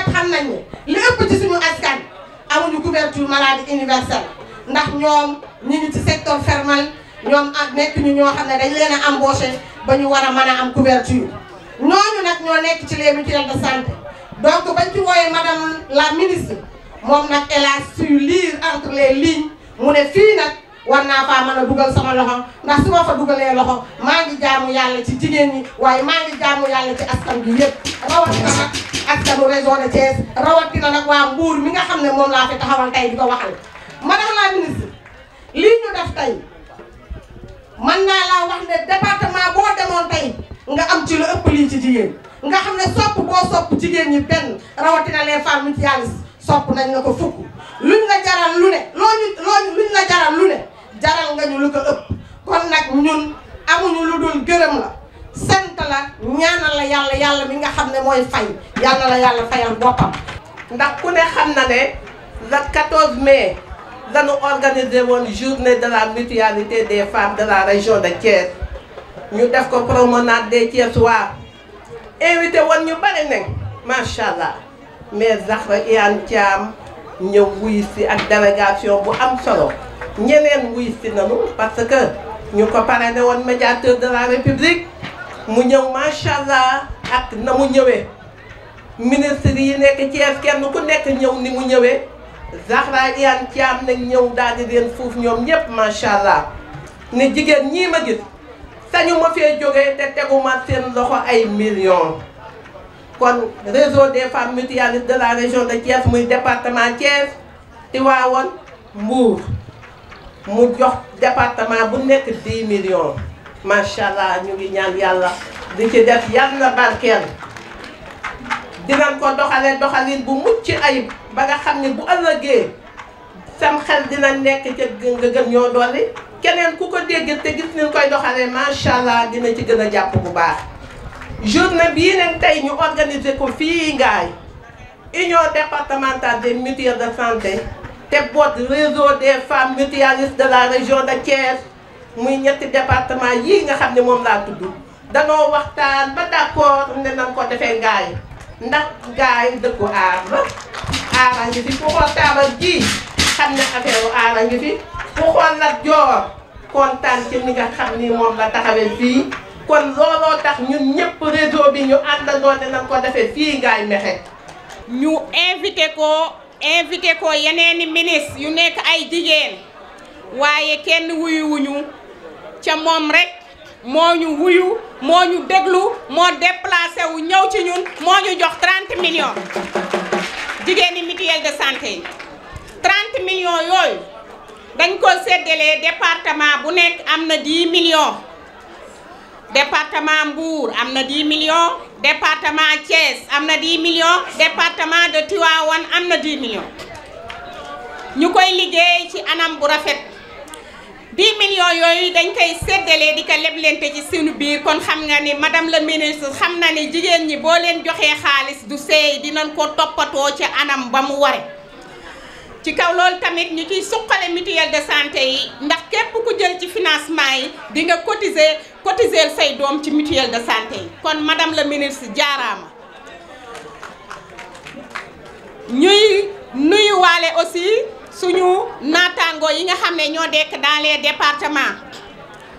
ñëpp xam nañ ne li ëpp ci suñu askan amuñu couverture maladie universelle ndax ñoom ñu ngi ci secteur fermel ñoom nekk ñu ñoo xam ne dañ leen a embauché ba ñu war a mën a am couverture ñooñu nag ñoo nekk ci les mutuelles de santé donc bañ ci wooyee madame la ministre moom nag elle a su lire entre les lignes mu ne fii nag. war naa faa mën a dugal sama loxo ndax su ma fa dugalee loxo maa ngi jaamu yàlla ci jigéen ñi waaye maa ngi jaamu yàlla ci askan bi yëpp rawatina nag askanu région de Thiès rawatina nag waa Mbour mi nga xam ne moom laa fi taxawal tey di ko waxal madame la ministre lii ñu def tey mën naa laa wax ne département boo demoon tey nga am ci lu ëpp lii ci jigéen nga xam ne sopp boo sopp jigéen ñi benn rawatina les femmes mutualistes sopp nañ la ko fukk lu ne jaral nga ñu lu ko ëpp kon nag ñun amuñu lu dul gërëm la sant la ñaanal la yàlla yàlla mi nga xam ne mooy fay yàlla la yàlla fayal boppam. ndax ku ne xam na ne le 14 mai dañu organiser woon journée de la mutualité des femmes de la région de Thiès ñu def ko promenade des Thiessois invité woon ñu bari nañ macha allah mais Zahra Iyane Thiam ñëw wuy si ak délégation bu am solo. ñeneen wuy si nanu parce que ñu ko parrainé woon médiateur de la république mu ñëw macha allah ak na mu ñëwe ministre yi nekk Thiès kenn ku nekk ñëw ni mu ñëwee Zahra Iyane Thiam nag ñëw daal di leen fuuf ñoom ñëpp macha allah ne jigéen ñii ma gis sañu ma fee jógee te teguma seen loxo ay millions. kon réseau des femmes mutualistes de la région de Thiès muy département Thiès Tivaouane Mbour mu jox département bu nekk 10 million macha allah ñu ngi ñaan yàlla di ci def yàlla barkeel dina ko doxalee doxalin bu mucc ayib ba nga xam ne bu ëllëgee sam xel dina nekk ca nga gën ñoo dolli keneen ku ko dégg te gis nañ koy doxalee macha allah dina ci gën a jàpp bu baax. journée bii nag tey ñu organiser ko fii ngaay union départementale de mutuelles de santé. te boot réseau des femmes de la région de Thiès muy ñetti département yii nga xam ne moom laa tudd danoo waxtaan ba d'accord ne nan ko defee ngaay ndax ngaay dëkku aar la aara ngi fi ku xool taabal ji xam ne affaire u aara ngi fi ku xool la joor kontaan ci ni nga xam ni moom la taxawee fii kon looloo tax ñun ñëpp réseau bi ñu àndandoo ne nan ko defee fii ngaay mexe ñu invité ko invité ko yeneeni ministre yu nekk ay jigéen waaye kenn wuyuwuñu ca moom rek moo ñu wuyu moo ñu déglu moo déplacé wu ñëw ci ñun moo ñu jox 30 millions jigéen ñi mutuelle de santé yi million millions yooyu dañ ko séddalee département bu nekk am na 10 millions departement Mbour am na 10 millions département Thiès am na 10 millions département de Tivaouane am na 10 ñu koy liggéey ci anam bu rafet 10 millions yooyu dañ koy séddalee di ko leblente ci suñu biir kon xam nga ni madame la ministre xam na ni jigéen ñi boo leen joxee xaalis du seey dinañ ko toppatoo ci anam ba mu ware ci kaw loolu tamit ñu ciy suqale mutuelle de santé yi ndax képp ku jël ci financement yi di nga cotiser cotiser say doom ci mutuelle de santé yi kon madame la ministre jaaraama ñuy nuyuwaale aussi suñu naataangoo yi nga xam ne ñoo dekk dans les départements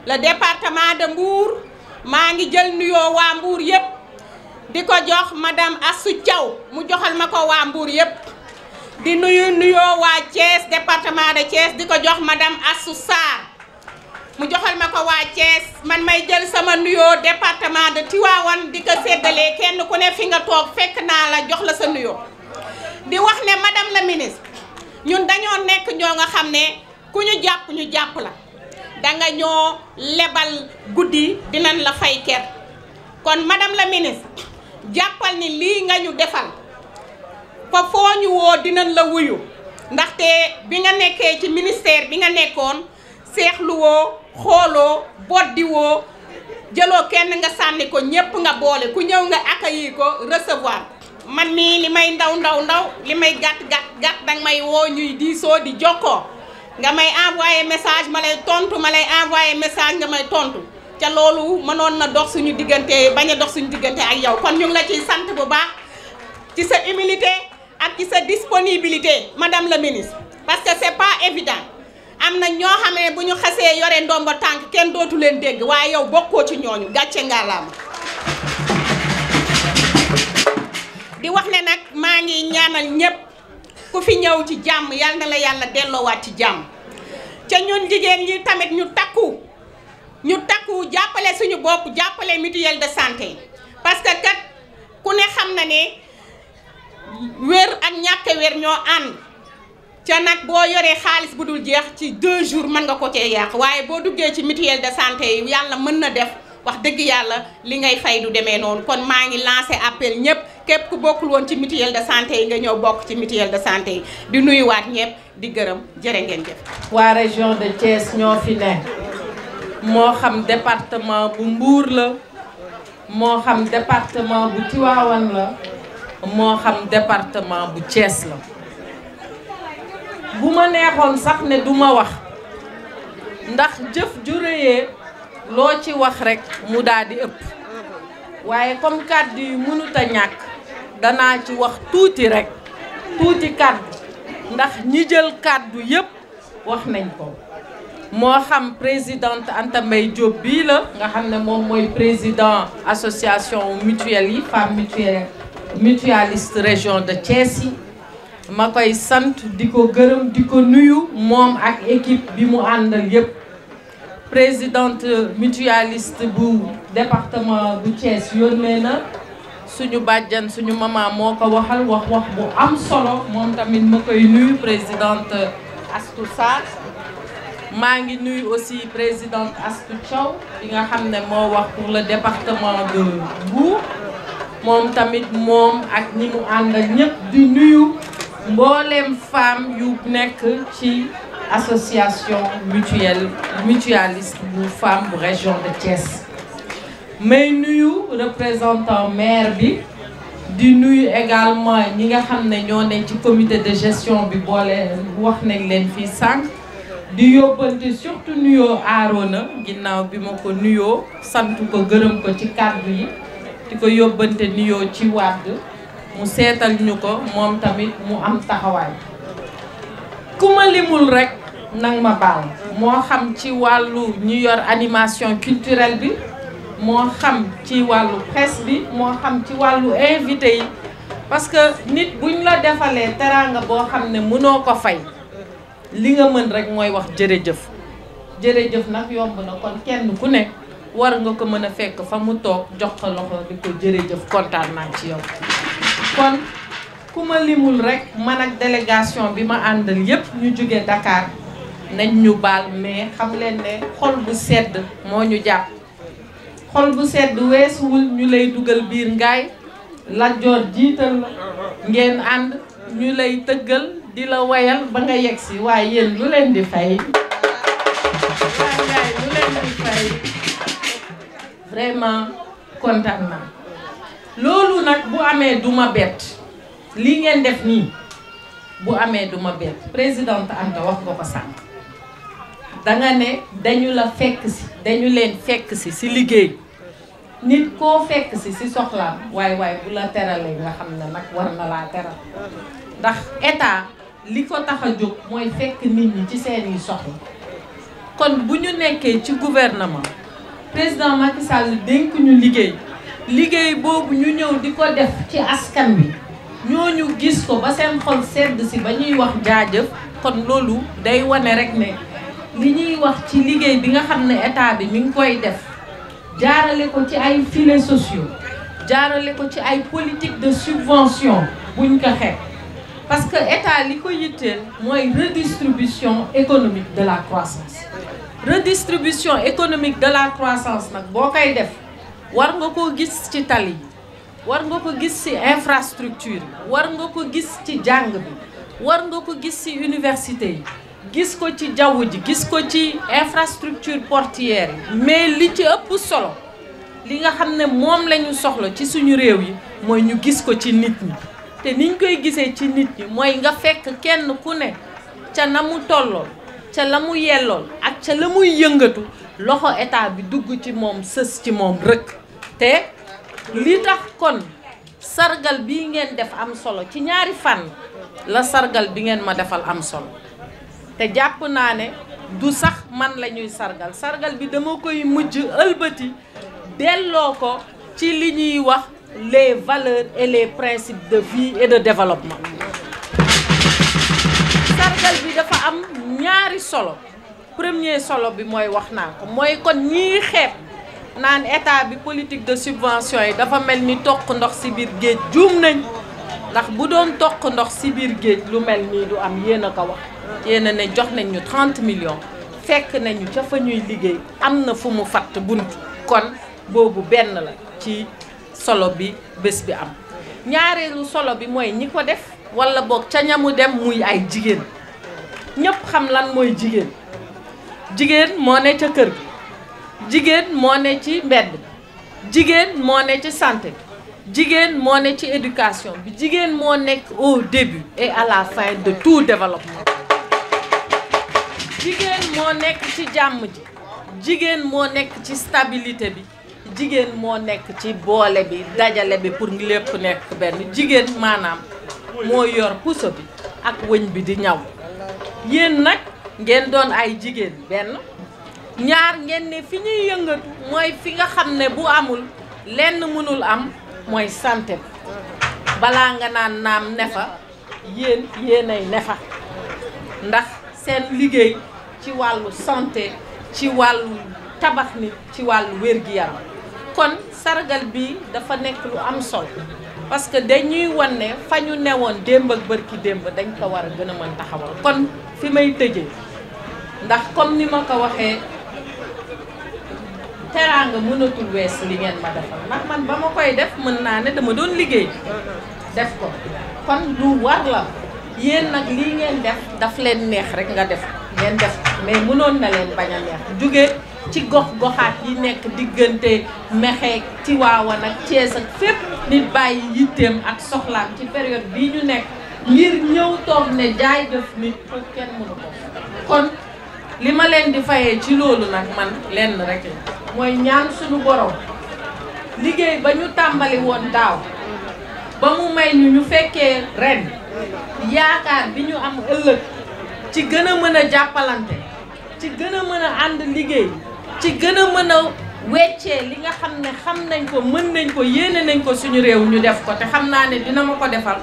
le département de Mbour maa ngi jël nuyoo waa Mbour yépp di ko jox madame Assou caw mu joxal ma ko waa mbuur yépp di nuyu nuyoo waa Thiès département de Thiès di ko jox madame Assou Sarr mu joxal ma ko waa Thiès man may jël sama nuyoo département de Tivaouane di ko séddalee kenn ku ne fi nga toog fekk naa la jox la sa nuyoo di wax ne madame la ministre ñun dañoo nekk ñoo nga xam ne ku ñu jàpp ñu jàpp la danga ñoo lebal guddi dinañ la fay ker kon madame la ministre jàppal ni lii nga ñu defal fa foo ñu woo dinañ la wuyu ndaxte bi nga nekkee ci ministère bi nga nekkoon seexlu woo xooloo boddi woo jëloo kenn nga sànni ko ñépp nga boole ku ñëw nga accueillir ko recevoir man mii li may ndaw ndaw ndaw li may gàtt gàtt gàtt danga may woo ñuy diisoo di jokkoo nga may envoyé message ma lay tontu ma lay envoyé message nga may tontu ca loolu mënoon na dox suñu diggante bañ a dox suñu diggante ak yow kon ñu la ciy sant bu baax ci sa humilité ak ci sa disponibilité madame la ministre parce que c'est pas évident am na ñoo xam bu ñu xasee yore ndombo tànk kenn dootu leen dégg waaye yow bokkoo ci ñooñu gàcce ngaalaama di wax ne nag maa ngi ñaanal ñëpp ku fi ñëw ci jàmm yal na la yàlla delloowaat ci jàmm ca ñun jigéen yi tamit ñu takku ñu takku jàppale suñu bopp jàppale mutuelle de santé parce que ku ne xam na ne weer ñoo ànd ca nag boo yoree xaalis bu dul jeex ci deux jours mën nga ko cee waaye boo duggee ci mutuelle de santé yàlla mën na def wax dëgg yàlla li ngay fay du demee noonu kon maa ngi lancé appel ñëpp képp ku bokkul woon ci mutuelle de santé yi ñëw bokk ci mutuelle de santé di nuyuwaat ñëpp di gërëm jërë ngeen jëf. de Thiès ñoo fi ne moo xam département bu Mbour la moo xam département bu Tivaouane la. moo xam département bu Thiès la bu ma neexoon sax ne duma wax ndax jëf ju réyee loo ci wax rekk mu daal di ëpp waaye comme kàddu yi mënut ñàkk danaa ci wax tuuti rekk tuuti kàddu ndax ñi jël kàddu yépp wax nañ ko moo xam président Anta Mbaye Diop bii la nga xam ne moom mooy président association mutuelle yi femmes mutuelles mutualiste région de Thiès yi ma koy sant di ko gërëm di ko nuyu moom ak équipe bi mu ànd yépp président mutualiste bu département bu Thiès yónnee na suñu bàjjan suñu maman moo ko waxal wax wax bu am solo moom tamit ma koy nuyu présidente Astou Sarr maa ngi nuyu aussi président Astou Thiaw bi nga xam ne moo wax pour le département de Mbour moom tamit moom ak ñi mu àndal ñëpp di nuyu mbooleem femme yu nekk ci association mutuelle mutualiste bu femme bu région de Thiès. may nuyu représentant maire bi di nuyu également ñi nga xam ne ñoo ne ci comité de gestion bi boole wax nañ leen fii sànq di yóbbante surtout nuyoo Arona ginnaaw bi ma ko nuyoo sant ko gërëm ko ci kàddu yi. di ko yóbbante nuyoo ci wàdd mu seetal ñu ko moom tamit mu am taxawaay ku ma limul rek nang ma baal moo xam ci wàllu ñu yor animation culturelle bi moo xam ci wàllu presse bi moo xam ci wàllu invité yi parce que nit ñu la defalee teraanga boo xam ne mënoo ko fay li nga mën rek mooy wax jërëjëf jërëjëf nag yomb na kon kenn ku nekk war nga ko mën a fekk fa mu toog jox ko loxo di ko jërëjëf kontaan naa ci yow kon ku ma limul rekk man ak délégation bi ma àndal yépp ñu jóge Dakar nañ ñu baal mais xam leen ne xol bu sedd moo ñu jàpp xol bu sedd weesuwul ñu lay dugal biir ngaay lajjoor jiital la ngeen ànd ñu lay tëggal di la wayal ba nga yegg si waaye yéen lu leen di fay vraiment kontaan naa loolu nag bu amee du ma bett lii ngeen def nii bu amee du ma bett présidente Anta wax nga ko sànq danga ne dañu la fekk si dañu leen fekk si si liggéey nit koo fekk si si soxlaam waaye waaye bu la teralee nga xam ne nag war na laa teral ndax état li ko tax a jóg mooy fekk nit ñi ci seeni soxla kon bu ñu nekkee ci gouvernement président Macky Sall dénk ñu liggéey liggéey boobu ñu ñëw di ko def ci askan wi ñooñu gis ko ba seen xol sedd si ba ñuy wax jaajëf kon loolu day wane rek ne li ñuy wax ci liggéey bi nga xam ne état bi mi ngi koy def jaarale ko ci ay filets sociaux jaarale ko ci ay politique de subvention buñ ko xeeb parce que état li ko yitteel mooy redistribution économique de la croissance redistribution économique de la croissance nag boo koy def war nga ko gis ci tali yi war nga ko gis ci infrastructure bi war nga ko gis ci jàng bi war nga ko gis ci université yi gis ko ci jaww ji gis ko ci infrastructure portière yi mais li ci ëpp solo li nga xam ne moom la soxla ci suñu réew yi mooy ñu gis ko ci nit ñi te niñ koy gisee ci nit ñi mooy nga fekk kenn ku ne ca na mu tollool ca la mu yellool ak ca la muy yëngatu loxo état bi dugg ci moom sës ci moom rëkk te li tax kon sargal bi ngeen def am solo ci ñaari fànn la sargal bi ngeen ma defal am solo te jàpp naa ne du sax man la ñuy sargal sargal bi dama koy mujj ëlbati delloo ko ci li ñuy wax les valeurs et les principes de vie et de développement solo premier solo bi mooy wax naa ko mooy kon ñii xeeb naan état bi politique de subvention yi dafa mel ni toq ndox ci biir géej juum nañ ndax bu doon toq ndox ci biir géej lu mel ni du am yéen a ko wax yéen a ne jox nañ ñu 30 millions fekk nañu ca fa ñuy liggéey am na fu mu fatt bunt kon boobu benn la ci solo bi bés bi am ñaareelu solo bi mooy ñi ko def walla boog ca ñamu dem muy ay jigéen ñëpp xam lan mooy jigéen jigéen moo ne ca kër gi jigéen moo ne ci mbedd jigéen moo ne ci santé jigéen moo ne ci éducation bi jigéen moo nekk au début et à la développement jigéen moo nekk ci jàmm ji jigéen moo nekk ci stabilité bi jigéen moo nekk ci boole bi dajale bi pour lépp nekk benn jigéen maanaam moo yor puso bi ak wëñ bi di ñaw yéen nag ngeen doon ay jigéen benn ñaar ngeen ne fi ñuy yëngatu mooy fi nga xam ne bu amul lenn mënul am mooy santé bi balaa nga naan naam nefa yéen yéenay nefa ndax seen liggéey ci wàllu santé ci wàllu tabax nit ci wàllu wér-gi-yaram kon sargal bi dafa nekk lu am solo parce que dañuy wan ne fa ñu ne woon démb ak bërki démb dañ ko war a gën a man taxawal kon fi may tëje ndax comme ni ma ko waxee teraanga mënatul wees li ngeen ma defal ndax man ba ma koy def mën naa ne dama doon liggéey def ko kon lu war la yéen nag lii ngeen def daf leen neex rek nga def ngeen def mais mënoon na leen bañ a neex jóge ci gox goxaat yi nekk diggante Mekhe Tiwaawan ak cees ak fépp nit bàyyi yitteem ak soxlaam ci période bii ñu nekk ngir ñëw toog ne jaay def nit pour kenn mënu ko kon li ma leen di fayee ci loolu nag man lenn rek mooy ñaan suñu borom liggéey ba ñu tàmbali woon daaw ba mu may ñu ñu fekkee ren yaakaar bi ñu am ëllëg ci gën a mën a jàppalante ci gën a mën a ànd liggéey ci gën a mën a weccee li nga xam ne xam nañ ko mën nañ ko yéene nañ ko suñu réew ñu def ko te xam naa ne dina ma ko defal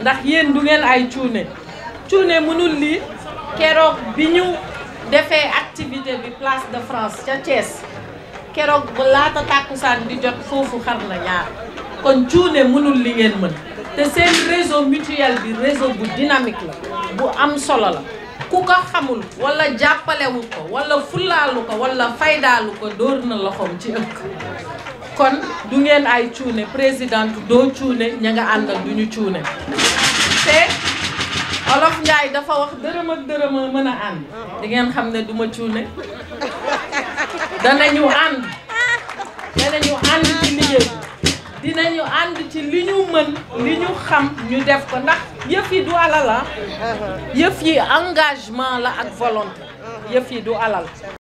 ndax yéen du ngeen ay cuune cuune mënul lii keroog bi ñu defee activité bi place de France ca Thiès keroog ba laata tàkkusaan di jot foofu xar na ñaar kon cuune mënul li ngeen mën te seen réseau mutuel bi réseau bu dynamique la bu am solo la ku ko xamul wala jàppalewu ko wala fulaalu ko wala faydaalu ko dóor na loxoom ci ëkk kon du ngeen ay cuune président doo cuune ña nga àndal du ñu cuune te olof Njaay dafa wax dërëm ak dërëm a mën a ànd di ngeen xam ne du ma cuune danañu ànd danañu ànd ci liggéey dinañu ànd ci li ñu mën li ñu xam ñu def ko ndax yëf yi du alal la ah. uh-huh. yëf yi engagement la ak volonté uh-huh. yëf yi du alal